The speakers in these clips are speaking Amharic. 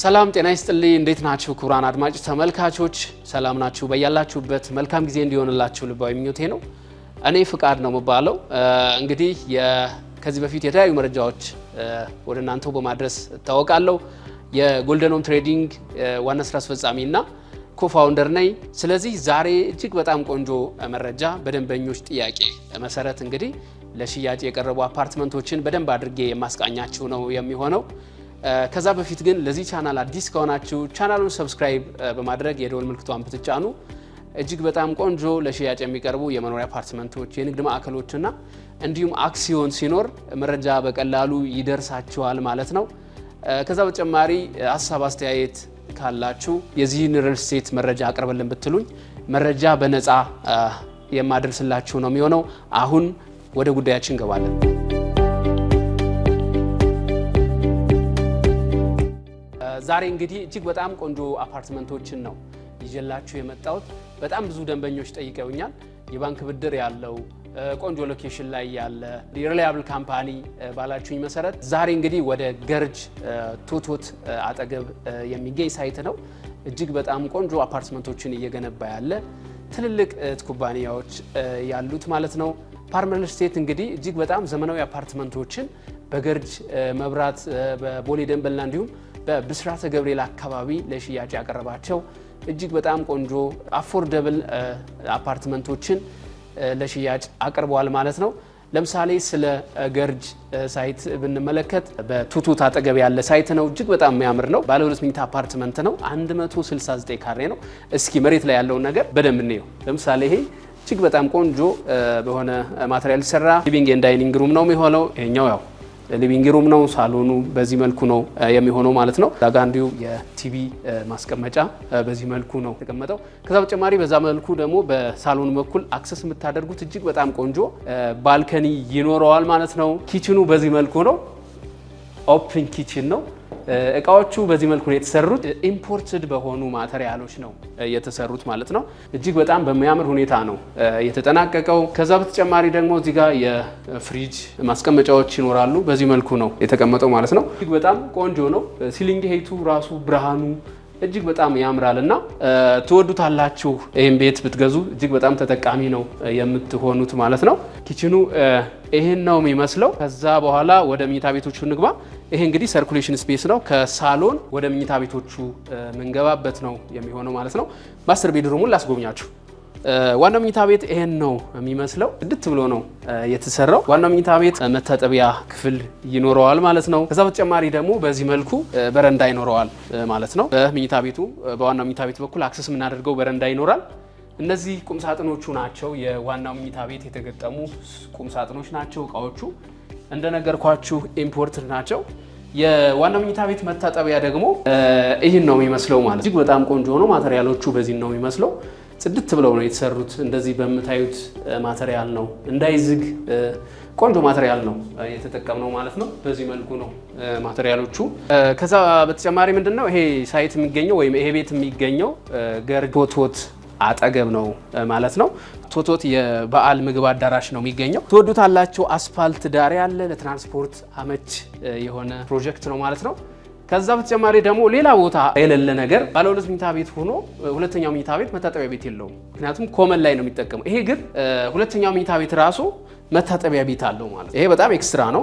ሰላም ጤና ይስጥልኝ። እንዴት ናችሁ ክቡራን አድማጭ ተመልካቾች? ሰላም ናችሁ? በያላችሁበት መልካም ጊዜ እንዲሆንላችሁ ልባዊ ምኞቴ ነው። እኔ ፍቃድ ነው የምባለው። እንግዲህ ከዚህ በፊት የተለያዩ መረጃዎች ወደ እናንተው በማድረስ እታወቃለሁ። የጎልደን ትሬዲንግ ዋና ስራ አስፈጻሚ እና ኮፋውንደር ነኝ። ስለዚህ ዛሬ እጅግ በጣም ቆንጆ መረጃ በደንበኞች ጥያቄ መሰረት እንግዲህ ለሽያጭ የቀረቡ አፓርትመንቶችን በደንብ አድርጌ የማስቃኛችሁ ነው የሚሆነው ከዛ በፊት ግን ለዚህ ቻናል አዲስ ከሆናችሁ ቻናሉን ሰብስክራይብ በማድረግ የደወል ምልክቷን ብትጫኑ እጅግ በጣም ቆንጆ ለሽያጭ የሚቀርቡ የመኖሪያ አፓርትመንቶች፣ የንግድ ማዕከሎችና እንዲሁም አክሲዮን ሲኖር መረጃ በቀላሉ ይደርሳችኋል ማለት ነው። ከዛ በተጨማሪ ሀሳብ አስተያየት ካላችሁ የዚህን ሪል መረጃ አቅርብልን ብትሉኝ መረጃ በነፃ የማደርስላችሁ ነው የሚሆነው። አሁን ወደ ጉዳያችን እንገባለን። ዛሬ እንግዲህ እጅግ በጣም ቆንጆ አፓርትመንቶችን ነው ይዤላችሁ የመጣሁት። በጣም ብዙ ደንበኞች ጠይቀውኛል። የባንክ ብድር ያለው ቆንጆ ሎኬሽን ላይ ያለ ሪላያብል ካምፓኒ ባላችሁኝ መሰረት ዛሬ እንግዲህ ወደ ገርጅ ቱቱት አጠገብ የሚገኝ ሳይት ነው። እጅግ በጣም ቆንጆ አፓርትመንቶችን እየገነባ ያለ ትልልቅ ኩባንያዎች ያሉት ማለት ነው። ፓርመር ስቴት እንግዲህ እጅግ በጣም ዘመናዊ አፓርትመንቶችን በገርጅ መብራት፣ በቦሌ ደንበልና እንዲሁም በብስራተ ገብርኤል አካባቢ ለሽያጭ ያቀረባቸው እጅግ በጣም ቆንጆ አፎርደብል አፓርትመንቶችን ለሽያጭ አቅርበዋል ማለት ነው። ለምሳሌ ስለ ገርጅ ሳይት ብንመለከት በቱቱት አጠገብ ያለ ሳይት ነው። እጅግ በጣም የሚያምር ነው። ባለ ሁለት መኝታ አፓርትመንት ነው። 169 ካሬ ነው። እስኪ መሬት ላይ ያለውን ነገር በደንብ እንየው። ለምሳሌ ይሄ እጅግ በጣም ቆንጆ በሆነ ማቴሪያል ሰራ ሊቪንግ ኤንድ ዳይኒንግ ሩም ነው የሚሆነው። ይሄኛው ያው ሊቪንግ ሩም ነው። ሳሎኑ በዚህ መልኩ ነው የሚሆነው ማለት ነው። ዛጋ እንዲሁ የቲቪ ማስቀመጫ በዚህ መልኩ ነው የተቀመጠው። ከዛ በተጨማሪ በዛ መልኩ ደግሞ በሳሎኑ በኩል አክሰስ የምታደርጉት እጅግ በጣም ቆንጆ ባልከኒ ይኖረዋል ማለት ነው። ኪችኑ በዚህ መልኩ ነው። ኦፕን ኪችን ነው። እቃዎቹ በዚህ መልኩ ነው የተሰሩት። ኢምፖርትድ በሆኑ ማተሪያሎች ነው የተሰሩት ማለት ነው። እጅግ በጣም በሚያምር ሁኔታ ነው የተጠናቀቀው። ከዛ በተጨማሪ ደግሞ እዚህ ጋር የፍሪጅ ማስቀመጫዎች ይኖራሉ። በዚህ መልኩ ነው የተቀመጠው ማለት ነው። እጅግ በጣም ቆንጆ ነው። ሲሊንግ ሄቱ ራሱ ብርሃኑ እጅግ በጣም ያምራል እና ትወዱታላችሁ። ይህን ቤት ብትገዙ እጅግ በጣም ተጠቃሚ ነው የምትሆኑት ማለት ነው። ኪችኑ ይህን ነው የሚመስለው። ከዛ በኋላ ወደ መኝታ ቤቶቹ ንግባ። ይሄ እንግዲህ ሰርኩሌሽን ስፔስ ነው። ከሳሎን ወደ መኝታ ቤቶቹ ምንገባበት ነው የሚሆነው ማለት ነው። ማስተር ቤድሩሙን ላስጎብኛችሁ። ዋናው መኝታ ቤት ይሄን ነው የሚመስለው። እድት ብሎ ነው የተሰራው። ዋናው መኝታ ቤት መታጠቢያ ክፍል ይኖረዋል ማለት ነው። ከዛ በተጨማሪ ደግሞ በዚህ መልኩ በረንዳ ይኖረዋል ማለት ነው። በመኝታ ቤቱ በዋናው መኝታ ቤት በኩል አክሰስ የምናደርገው በረንዳ ይኖራል። እነዚህ ቁምሳጥኖቹ ናቸው። የዋናው መኝታ ቤት የተገጠሙ ቁምሳጥኖች ናቸው። እቃዎቹ እንደነገርኳችሁ ኢምፖርት ናቸው። የዋና መኝታ ቤት መታጠቢያ ደግሞ ይህን ነው የሚመስለው ማለት እጅግ በጣም ቆንጆ ነው። ማቴሪያሎቹ በዚህ ነው የሚመስለው። ጽድት ብለው ነው የተሰሩት። እንደዚህ በምታዩት ማተሪያል ነው እንዳይዝግ ቆንጆ ማተሪያል ነው የተጠቀምነው ማለት ነው። በዚህ መልኩ ነው ማተሪያሎቹ። ከዛ በተጨማሪ ምንድን ነው ይሄ ሳይት የሚገኘው ወይም ይሄ ቤት የሚገኘው ገር ቶቶት አጠገብ ነው ማለት ነው። ቶቶት የበዓል ምግብ አዳራሽ ነው የሚገኘው። ትወዱታላቸው አስፋልት ዳር ያለ ለትራንስፖርት አመች የሆነ ፕሮጀክት ነው ማለት ነው። ከዛ በተጨማሪ ደግሞ ሌላ ቦታ የሌለ ነገር ባለሁለት ሁለት መኝታ ቤት ሆኖ ሁለተኛው መኝታ ቤት መታጠቢያ ቤት የለውም። ምክንያቱም ኮመን ላይ ነው የሚጠቀመው። ይሄ ግን ሁለተኛው መኝታ ቤት ራሱ መታጠቢያ ቤት አለው ማለት ይሄ በጣም ኤክስትራ ነው።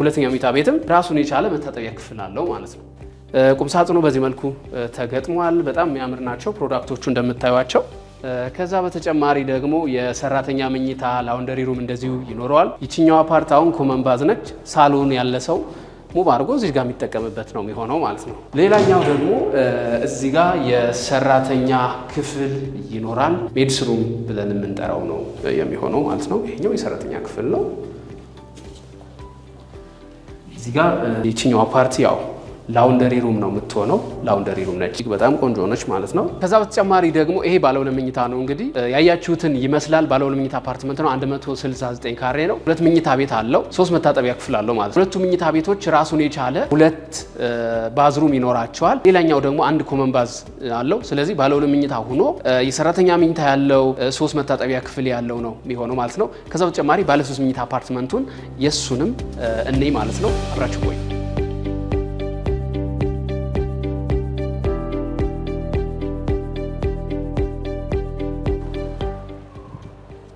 ሁለተኛው መኝታ ቤትም ራሱን የቻለ መታጠቢያ ክፍል አለው ማለት ነው። ቁምሳጥኑ በዚህ መልኩ ተገጥሟል። በጣም የሚያምር ናቸው ፕሮዳክቶቹ እንደምታዩቸው። ከዛ በተጨማሪ ደግሞ የሰራተኛ መኝታ ላውንደሪ ሩም እንደዚሁ ይኖረዋል። ይችኛው ፓርት አሁን ኮመን ባዝ ነች። ሳሎን ያለ ሰው ሙብ አድርጎ እዚህ ጋር የሚጠቀምበት ነው የሚሆነው ማለት ነው። ሌላኛው ደግሞ እዚህ ጋር የሰራተኛ ክፍል ይኖራል። ሜድስሩም ብለን የምንጠራው ነው የሚሆነው ማለት ነው። ይሄኛው የሰራተኛ ክፍል ነው። እዚህ ጋር የችኛው ፓርቲ ያው ላውንደሪ ሩም ነው የምትሆነው። ላውንደሪ ሩም ነች፣ በጣም ቆንጆ ነች ማለት ነው። ከዛ በተጨማሪ ደግሞ ይሄ ባለሁለት መኝታ ነው እንግዲህ ያያችሁትን ይመስላል። ባለሁለት መኝታ አፓርትመንት ነው። 169 ካሬ ነው። ሁለት መኝታ ቤት አለው፣ ሶስት መታጠቢያ ክፍል አለው ማለት ነው። ሁለቱ መኝታ ቤቶች ራሱን የቻለ ሁለት ባዝሩም ይኖራቸዋል። ሌላኛው ደግሞ አንድ ኮመን ባዝ አለው። ስለዚህ ባለሁለት መኝታ ሆኖ የሰራተኛ መኝታ ያለው ሶስት መታጠቢያ ክፍል ያለው ነው የሚሆነው ማለት ነው። ከዛ በተጨማሪ ባለሶስት መኝታ አፓርትመንቱን የእሱንም እኔ ማለት ነው አብራችሁ ቆይ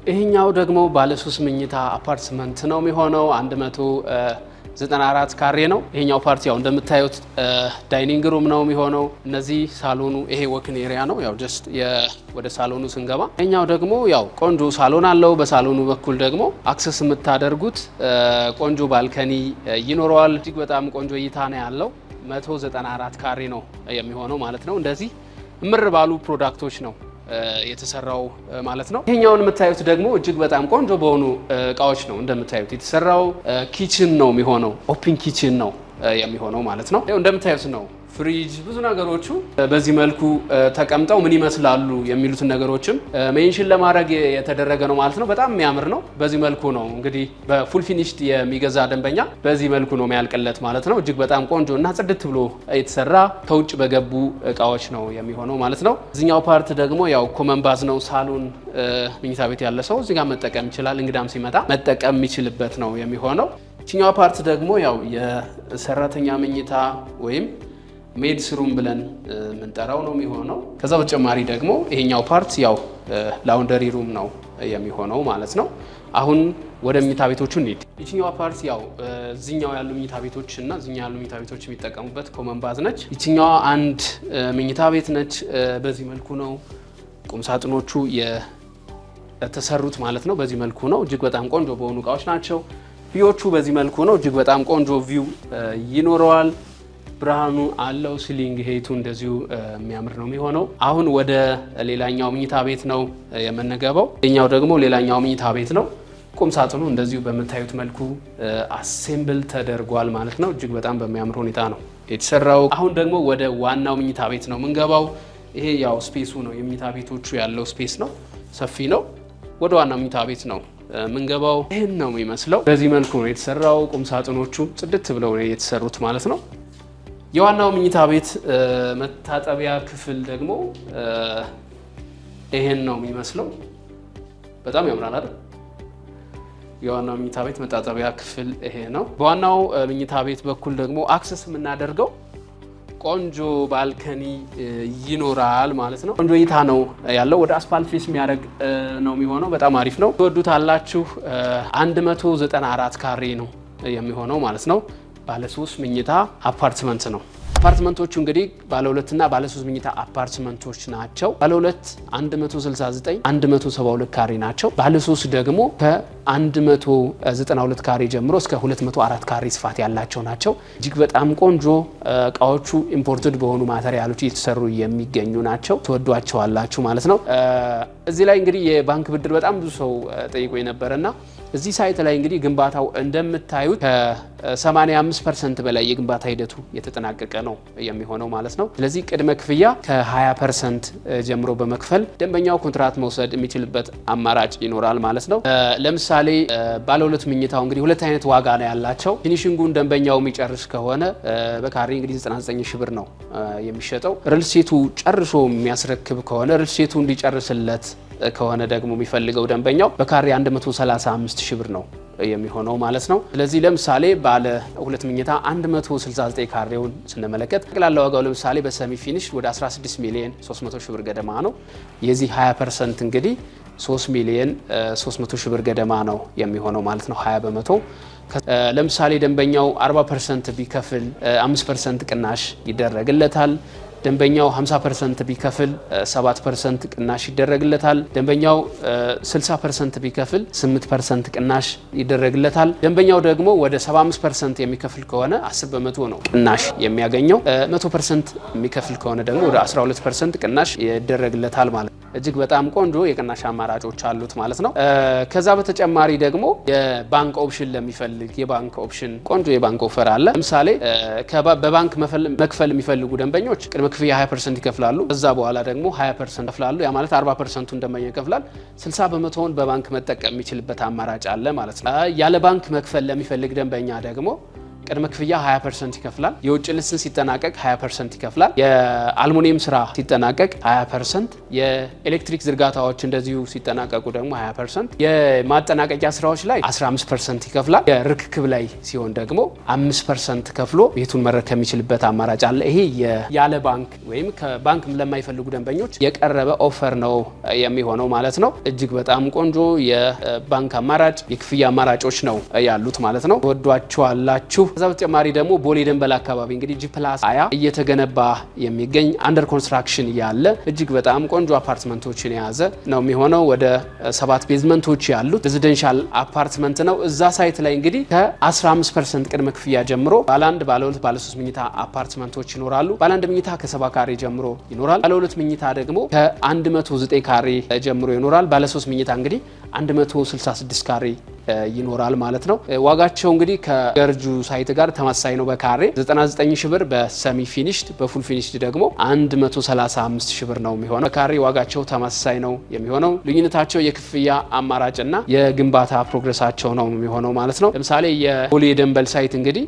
ይህኛው ደግሞ ባለሶስት መኝታ አፓርትመንት ነው የሚሆነው 194 ካሬ ነው። ይሄኛው ፓርቲ ያው እንደምታዩት ዳይኒንግ ሩም ነው የሚሆነው። እነዚህ ሳሎኑ ይሄ ወክን ኤሪያ ነው። ያው ጀስት ወደ ሳሎኑ ስንገባ ይሄኛው ደግሞ ያው ቆንጆ ሳሎን አለው። በሳሎኑ በኩል ደግሞ አክሰስ የምታደርጉት ቆንጆ ባልከኒ ይኖረዋል። እጅግ በጣም ቆንጆ እይታ ነው ያለው። 194 ካሬ ነው የሚሆነው ማለት ነው። እንደዚህ ምር ባሉ ፕሮዳክቶች ነው የተሰራው ማለት ነው። ይሄኛውን የምታዩት ደግሞ እጅግ በጣም ቆንጆ በሆኑ እቃዎች ነው እንደምታዩት የተሰራው ኪችን ነው የሚሆነው። ኦፕን ኪችን ነው የሚሆነው ማለት ነው። እንደምታዩት ነው ፍሪጅ፣ ብዙ ነገሮቹ በዚህ መልኩ ተቀምጠው ምን ይመስላሉ የሚሉትን ነገሮችም ሜንሽን ለማድረግ የተደረገ ነው ማለት ነው። በጣም የሚያምር ነው። በዚህ መልኩ ነው እንግዲህ በፉል ፊኒሽድ የሚገዛ ደንበኛ በዚህ መልኩ ነው የሚያልቅለት ማለት ነው። እጅግ በጣም ቆንጆ እና ጽድት ብሎ የተሰራ ከውጭ በገቡ እቃዎች ነው የሚሆነው ማለት ነው። እዚኛው ፓርት ደግሞ ያው ኮመን ባዝ ነው። ሳሎን መኝታ ቤት ያለ ሰው እዚጋ መጠቀም ይችላል። እንግዳም ሲመጣ መጠቀም የሚችልበት ነው የሚሆነው። ይችኛዋ ፓርት ደግሞ ያው የሰራተኛ ምኝታ ወይም ሜድስ ሩም ብለን የምንጠራው ነው የሚሆነው። ከዛ በተጨማሪ ደግሞ ይሄኛው ፓርት ያው ላውንደሪ ሩም ነው የሚሆነው ማለት ነው። አሁን ወደ ምኝታ ቤቶቹ እንሂድ። ይችኛዋ ፓርት ያው እዚኛው ያሉ ምኝታ ቤቶች እና እዚኛ ያሉ ምኝታ ቤቶች የሚጠቀሙበት ኮመን ባዝ ነች። ይችኛዋ አንድ ምኝታ ቤት ነች። በዚህ መልኩ ነው ቁምሳጥኖቹ የተሰሩት ማለት ነው። በዚህ መልኩ ነው። እጅግ በጣም ቆንጆ በሆኑ እቃዎች ናቸው። ቪዎቹ በዚህ መልኩ ነው። እጅግ በጣም ቆንጆ ቪው ይኖረዋል። ብርሃኑ አለው። ሲሊንግ ሄቱ እንደዚሁ የሚያምር ነው የሚሆነው። አሁን ወደ ሌላኛው ምኝታ ቤት ነው የምንገባው። ኛው ደግሞ ሌላኛው ምኝታ ቤት ነው። ቁም ሳጥኑ እንደዚሁ በምታዩት መልኩ አሴምብል ተደርጓል ማለት ነው። እጅግ በጣም በሚያምር ሁኔታ ነው የተሰራው። አሁን ደግሞ ወደ ዋናው ምኝታ ቤት ነው የምንገባው። ይሄ ያው ስፔሱ ነው የምኝታ ቤቶቹ ያለው ስፔስ ነው፣ ሰፊ ነው። ወደ ዋናው ምኝታ ቤት ነው የምንገባው። ይህን ነው የሚመስለው። በዚህ መልኩ ነው የተሰራው። ቁም ሳጥኖቹ ጽድት ብለው ነው የተሰሩት ማለት ነው። የዋናው ምኝታ ቤት መታጠቢያ ክፍል ደግሞ ይሄን ነው የሚመስለው። በጣም ያምራል አይደል? የዋናው ምኝታ ቤት መታጠቢያ ክፍል ይሄ ነው። በዋናው ምኝታ ቤት በኩል ደግሞ አክሰስ የምናደርገው ቆንጆ ባልከኒ ይኖራል ማለት ነው። ቆንጆ እይታ ነው ያለው። ወደ አስፋልት ፌስ የሚያደርግ ነው የሚሆነው። በጣም አሪፍ ነው። ትወዱታላችሁ። 194 ካሬ ነው የሚሆነው ማለት ነው። ባለሶስት ምኝታ አፓርትመንት ነው። አፓርትመንቶቹ እንግዲህ ባለ ሁለትና ባለ ሶስት ምኝታ አፓርትመንቶች ናቸው። ባለ ሁለት 169 172 ካሬ ናቸው። ባለ ሶስት ደግሞ ከ192 ካሬ ጀምሮ እስከ 204 ካሬ ስፋት ያላቸው ናቸው። እጅግ በጣም ቆንጆ እቃዎቹ ኢምፖርትድ በሆኑ ማተሪያሎች እየተሰሩ የሚገኙ ናቸው። ትወዷቸዋላችሁ ማለት ነው። እዚህ ላይ እንግዲህ የባንክ ብድር በጣም ብዙ ሰው ጠይቆ የነበረና እዚህ ሳይት ላይ እንግዲህ ግንባታው እንደምታዩት ከ85 ፐርሰንት በላይ የግንባታ ሂደቱ የተጠናቀቀ ነው የሚሆነው ማለት ነው። ስለዚህ ቅድመ ክፍያ ከ20 ፐርሰንት ጀምሮ በመክፈል ደንበኛው ኮንትራት መውሰድ የሚችልበት አማራጭ ይኖራል ማለት ነው። ለምሳሌ ባለ ሁለት ምኝታው እንግዲህ ሁለት አይነት ዋጋ ነው ያላቸው። ፊኒሽንጉን ደንበኛው የሚጨርስ ከሆነ በካሬ እንግዲህ 99 ሺ ብር ነው የሚሸጠው። ሪልስቴቱ ጨርሶ የሚያስረክብ ከሆነ ሪልስቴቱ እንዲጨርስለት ከሆነ ደግሞ የሚፈልገው ደንበኛው በካሬ 135 ሺህ ብር ነው የሚሆነው ማለት ነው። ስለዚህ ለምሳሌ ባለ ሁለት ምኝታ 169 ካሬውን ስንመለከት ጠቅላላ ዋጋው ለምሳሌ በሰሚ ፊኒሽ ወደ 16 ሚሊዮን 300 ሺህ ብር ገደማ ነው። የዚህ 20 ፐርሰንት እንግዲህ 3 ሚሊዮን 300 ሺህ ብር ገደማ ነው የሚሆነው ማለት ነው 20 በመቶ ለምሳሌ ደንበኛው 40 ፐርሰንት ቢከፍል 5 ፐርሰንት ቅናሽ ይደረግለታል። ደንበኛው 50 ፐርሰንት ቢከፍል 7 ፐርሰንት ቅናሽ ይደረግለታል። ደንበኛው 60 ፐርሰንት ቢከፍል 8 ፐርሰንት ቅናሽ ይደረግለታል። ደንበኛው ደግሞ ወደ 75 ፐርሰንት የሚከፍል ከሆነ 10 በመቶ ነው ቅናሽ የሚያገኘው። 100 ፐርሰንት የሚከፍል ከሆነ ደግሞ ወደ 12 ፐርሰንት ቅናሽ ይደረግለታል ማለት ነው። እጅግ በጣም ቆንጆ የቅናሽ አማራጮች አሉት ማለት ነው። ከዛ በተጨማሪ ደግሞ የባንክ ኦፕሽን ለሚፈልግ የባንክ ኦፕሽን ቆንጆ የባንክ ኦፈር አለ። ለምሳሌ በባንክ መክፈል የሚፈልጉ ደንበኞች ቅድመ ክፍያ 20 ፐርሰንት ይከፍላሉ። ከዛ በኋላ ደግሞ 20 ፐርሰንት ይከፍላሉ። ያ ማለት 40 ፐርሰንቱን ደንበኛ ይከፍላል። 60 በመቶውን በባንክ መጠቀም የሚችልበት አማራጭ አለ ማለት ነው። ያለ ባንክ መክፈል ለሚፈልግ ደንበኛ ደግሞ ቅድመ ክፍያ 20 ፐርሰንት ይከፍላል። የውጭ ልስን ሲጠናቀቅ 20 ፐርሰንት ይከፍላል። የአልሙኒየም ስራ ሲጠናቀቅ 20 ፐርሰንት፣ የኤሌክትሪክ ዝርጋታዎች እንደዚሁ ሲጠናቀቁ ደግሞ 20 ፐርሰንት፣ የማጠናቀቂያ ስራዎች ላይ 15 ፐርሰንት ይከፍላል። የርክክብ ላይ ሲሆን ደግሞ 5 ፐርሰንት ከፍሎ ቤቱን መረከብ የሚችልበት አማራጭ አለ። ይሄ ያለ ባንክ ወይም ከባንክ ለማይፈልጉ ደንበኞች የቀረበ ኦፈር ነው የሚሆነው ማለት ነው። እጅግ በጣም ቆንጆ የባንክ አማራጭ የክፍያ አማራጮች ነው ያሉት ማለት ነው። ወዷችኋላችሁ። ከዛ በተጨማሪ ደግሞ ቦሌ ደንበል አካባቢ እንግዲህ ጂ ፕላስ እየተገነባ የሚገኝ አንደር ኮንስትራክሽን ያለ እጅግ በጣም ቆንጆ አፓርትመንቶችን የያዘ ነው የሚሆነው። ወደ ሰባት ቤዝመንቶች ያሉት ሬዚደንሻል አፓርትመንት ነው። እዛ ሳይት ላይ እንግዲህ ከ15 ፐርሰንት ቅድመ ክፍያ ጀምሮ ባለ አንድ፣ ባለ ሁለት፣ ባለ ሶስት ምኝታ አፓርትመንቶች ይኖራሉ። ባለ አንድ ምኝታ ከሰባ ካሬ ጀምሮ ይኖራል። ባለ ሁለት ምኝታ ደግሞ ከ109 ካሬ ጀምሮ ይኖራል። ባለ ሶስት ምኝታ እንግዲህ 166 ካሬ ይኖራል ማለት ነው። ዋጋቸው እንግዲህ ከገርጁ ሳይት ጋር ተመሳሳይ ነው። በካሬ 99 ሺህ ብር በሰሚ ፊኒሽድ፣ በፉል ፊኒሽድ ደግሞ 135 ሺህ ብር ነው የሚሆነው። በካሬ ዋጋቸው ተመሳሳይ ነው የሚሆነው። ልዩነታቸው የክፍያ አማራጭና የግንባታ ፕሮግረሳቸው ነው የሚሆነው ማለት ነው። ለምሳሌ የቦሌ ደንበል ሳይት እንግዲህ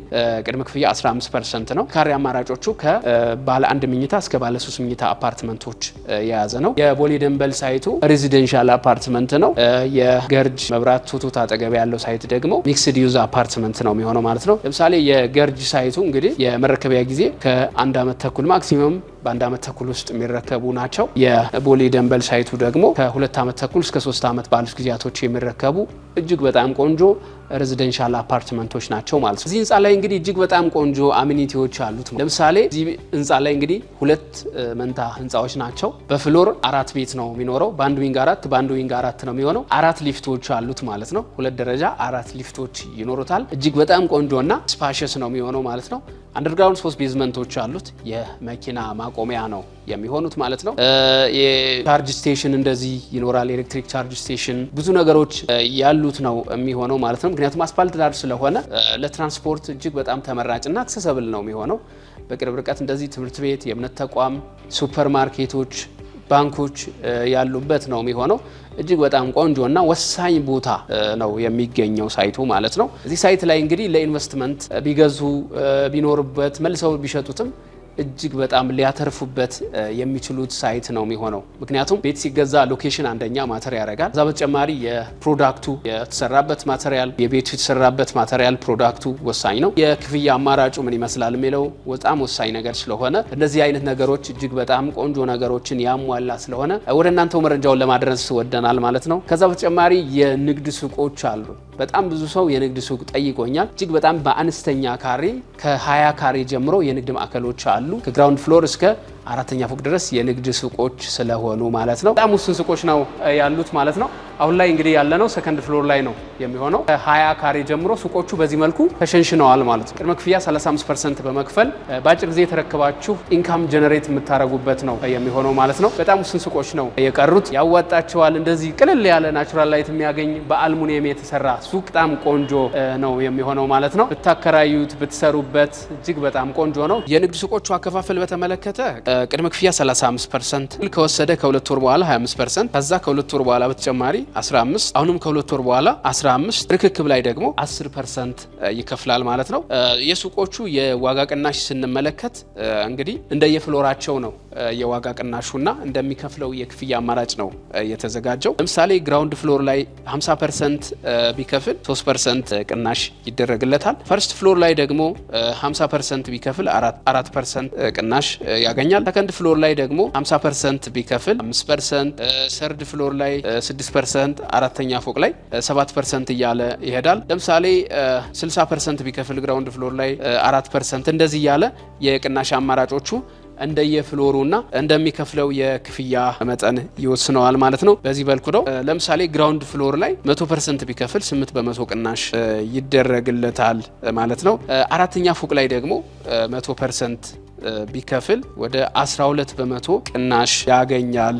ቅድመ ክፍያ 15 ፐርሰንት ነው። ካሬ አማራጮቹ ከባለ አንድ ምኝታ እስከ ባለ ሶስት ምኝታ አፓርትመንቶች የያዘ ነው። የቦሌ ደንበል ሳይቱ ሬዚደንሻል አፓርትመንት ነው። የገርጅ መብራት ቱቱት አጠገብ ያለው ሳይት ደግሞ ሚክስድ ዩዝ አፓርትመንት ነው የሚሆነው ማለት ነው። ለምሳሌ የገርጅ ሳይቱ እንግዲህ የመረከቢያ ጊዜ ከአንድ አመት ተኩል ማክሲመም በአንድ አመት ተኩል ውስጥ የሚረከቡ ናቸው። የቦሌ ደንበል ሳይቱ ደግሞ ከሁለት አመት ተኩል እስከ ሶስት አመት ባሉት ጊዜያቶች የሚረከቡ እጅግ በጣም ቆንጆ ሬዚደንሻል አፓርትመንቶች ናቸው ማለት ነው። እዚህ ህንፃ ላይ እንግዲህ እጅግ በጣም ቆንጆ አሚኒቲዎች አሉት። ለምሳሌ እዚህ ህንፃ ላይ እንግዲህ ሁለት መንታ ህንፃዎች ናቸው። በፍሎር አራት ቤት ነው የሚኖረው። በአንድ ዊንግ አራት በአንድ ዊንግ አራት ነው የሚሆነው። አራት ሊፍቶች አሉት ማለት ነው። ሁለት ደረጃ አራት ሊፍቶች ይኖሩታል። እጅግ በጣም ቆንጆ ቆንጆና ስፓሸስ ነው የሚሆነው ማለት ነው። አንደርግራውንድ ሶስት ቤዝመንቶች አሉት። የመኪና ማ ማቆሚያ ነው የሚሆኑት ማለት ነው። የቻርጅ ስቴሽን እንደዚህ ይኖራል። ኤሌክትሪክ ቻርጅ ስቴሽን ብዙ ነገሮች ያሉት ነው የሚሆነው ማለት ነው። ምክንያቱም አስፋልት ዳር ስለሆነ ለትራንስፖርት እጅግ በጣም ተመራጭና አክሰሰብል ነው የሚሆነው። በቅርብ ርቀት እንደዚህ ትምህርት ቤት፣ የእምነት ተቋም፣ ሱፐር ማርኬቶች፣ ባንኮች ያሉበት ነው የሚሆነው። እጅግ በጣም ቆንጆ እና ወሳኝ ቦታ ነው የሚገኘው ሳይቱ ማለት ነው። እዚህ ሳይት ላይ እንግዲህ ለኢንቨስትመንት ቢገዙ ቢኖርበት መልሰው ቢሸጡትም እጅግ በጣም ሊያተርፉበት የሚችሉት ሳይት ነው የሚሆነው። ምክንያቱም ቤት ሲገዛ ሎኬሽን አንደኛ ማተር ያደርጋል። ከዛ በተጨማሪ የፕሮዳክቱ የተሰራበት ማተሪያል፣ የቤቱ የተሰራበት ማተሪያል ፕሮዳክቱ ወሳኝ ነው። የክፍያ አማራጩ ምን ይመስላል የሚለው በጣም ወሳኝ ነገር ስለሆነ እነዚህ አይነት ነገሮች እጅግ በጣም ቆንጆ ነገሮችን ያሟላ ስለሆነ ወደ እናንተው መረጃውን ለማድረስ ወደናል ማለት ነው። ከዛ በተጨማሪ የንግድ ሱቆች አሉ። በጣም ብዙ ሰው የንግድ ሱቅ ጠይቆኛል። እጅግ በጣም በአነስተኛ ካሬ ከ20 ካሬ ጀምሮ የንግድ ማዕከሎች አሉ ከግራውንድ ፍሎር እስከ አራተኛ ፎቅ ድረስ የንግድ ሱቆች ስለሆኑ ማለት ነው። በጣም ውስን ሱቆች ነው ያሉት ማለት ነው። አሁን ላይ እንግዲህ ያለነው ሰከንድ ፍሎር ላይ ነው የሚሆነው። ሀያ ካሬ ጀምሮ ሱቆቹ በዚህ መልኩ ተሸንሽነዋል ማለት ነው። ቅድመ ክፍያ 35 ፐርሰንት በመክፈል በአጭር ጊዜ የተረከባችሁ ኢንካም ጀነሬት የምታደርጉበት ነው የሚሆነው ማለት ነው። በጣም ውስን ሱቆች ነው የቀሩት። ያዋጣቸዋል። እንደዚህ ቅልል ያለ ናቹራል ላይት የሚያገኝ በአልሙኒየም የተሰራ ሱቅ በጣም ቆንጆ ነው የሚሆነው ማለት ነው። ብታከራዩት፣ ብትሰሩበት እጅግ በጣም ቆንጆ ነው። የንግድ ሱቆቹ አከፋፈል በተመለከተ ቅድመ ክፍያ 35 ፐርሰንት ከወሰደ ከሁለት ወር በኋላ 25 ፐርሰንት ከዛ ከሁለት ወር በኋላ በተጨማሪ 15 አሁንም ከሁለት ወር በኋላ 15 ርክክብ ላይ ደግሞ 10 ፐርሰንት ይከፍላል ማለት ነው። የሱቆቹ የዋጋ ቅናሽ ስንመለከት እንግዲህ እንደየፍሎራቸው ነው የዋጋ ቅናሹና እንደሚከፍለው የክፍያ አማራጭ ነው የተዘጋጀው። ለምሳሌ ግራውንድ ፍሎር ላይ 50 ፐርሰንት ቢከፍል 3 ፐርሰንት ቅናሽ ይደረግለታል። ፈርስት ፍሎር ላይ ደግሞ 50 ፐርሰንት ቢከፍል 4 ፐርሰንት ቅናሽ ያገኛል። ሰከንድ ፍሎር ላይ ደግሞ 50 ፐርሰንት ቢከፍል 5 ፐርሰንት፣ ሰርድ ፍሎር ላይ 6 ፐርሰንት፣ አራተኛ ፎቅ ላይ 7 ፐርሰንት እያለ ይሄዳል። ለምሳሌ 60 ፐርሰንት ቢከፍል ግራውንድ ፍሎር ላይ 4 ፐርሰንት እንደዚህ እያለ የቅናሽ አማራጮቹ እንደየፍሎሩና እንደሚከፍለው የክፍያ መጠን ይወስነዋል ማለት ነው። በዚህ በልኩ ነው። ለምሳሌ ግራውንድ ፍሎር ላይ መቶ ፐርሰንት ቢከፍል ስምንት በመቶ ቅናሽ ይደረግለታል ማለት ነው። አራተኛ ፎቅ ላይ ደግሞ መቶ ፐርሰንት ቢከፍል ወደ 12 በመቶ ቅናሽ ያገኛል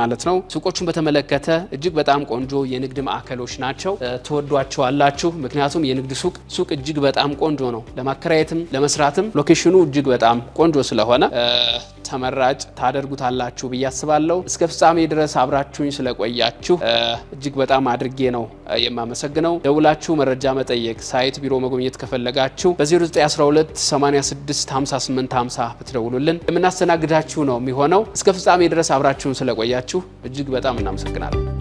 ማለት ነው። ሱቆቹን በተመለከተ እጅግ በጣም ቆንጆ የንግድ ማዕከሎች ናቸው። ትወዷቸዋላችሁ። ምክንያቱም የንግድ ሱቅ ሱቅ እጅግ በጣም ቆንጆ ነው። ለማከራየትም ለመስራትም ሎኬሽኑ እጅግ በጣም ቆንጆ ስለሆነ ተመራጭ ታደርጉታላችሁ ብዬ አስባለሁ። እስከ ፍጻሜ ድረስ አብራችሁኝ ስለቆያችሁ እጅግ በጣም አድርጌ ነው የማመሰግነው። ደውላችሁ መረጃ መጠየቅ፣ ሳይት ቢሮ መጎብኘት ከፈለጋችሁ በ0912 86 58 ብትደውሉልን የምናስተናግዳችሁ ነው የሚሆነው። እስከ ፍጻሜ ድረስ አብራችሁን ስለቆያችሁ እጅግ በጣም እናመሰግናለን።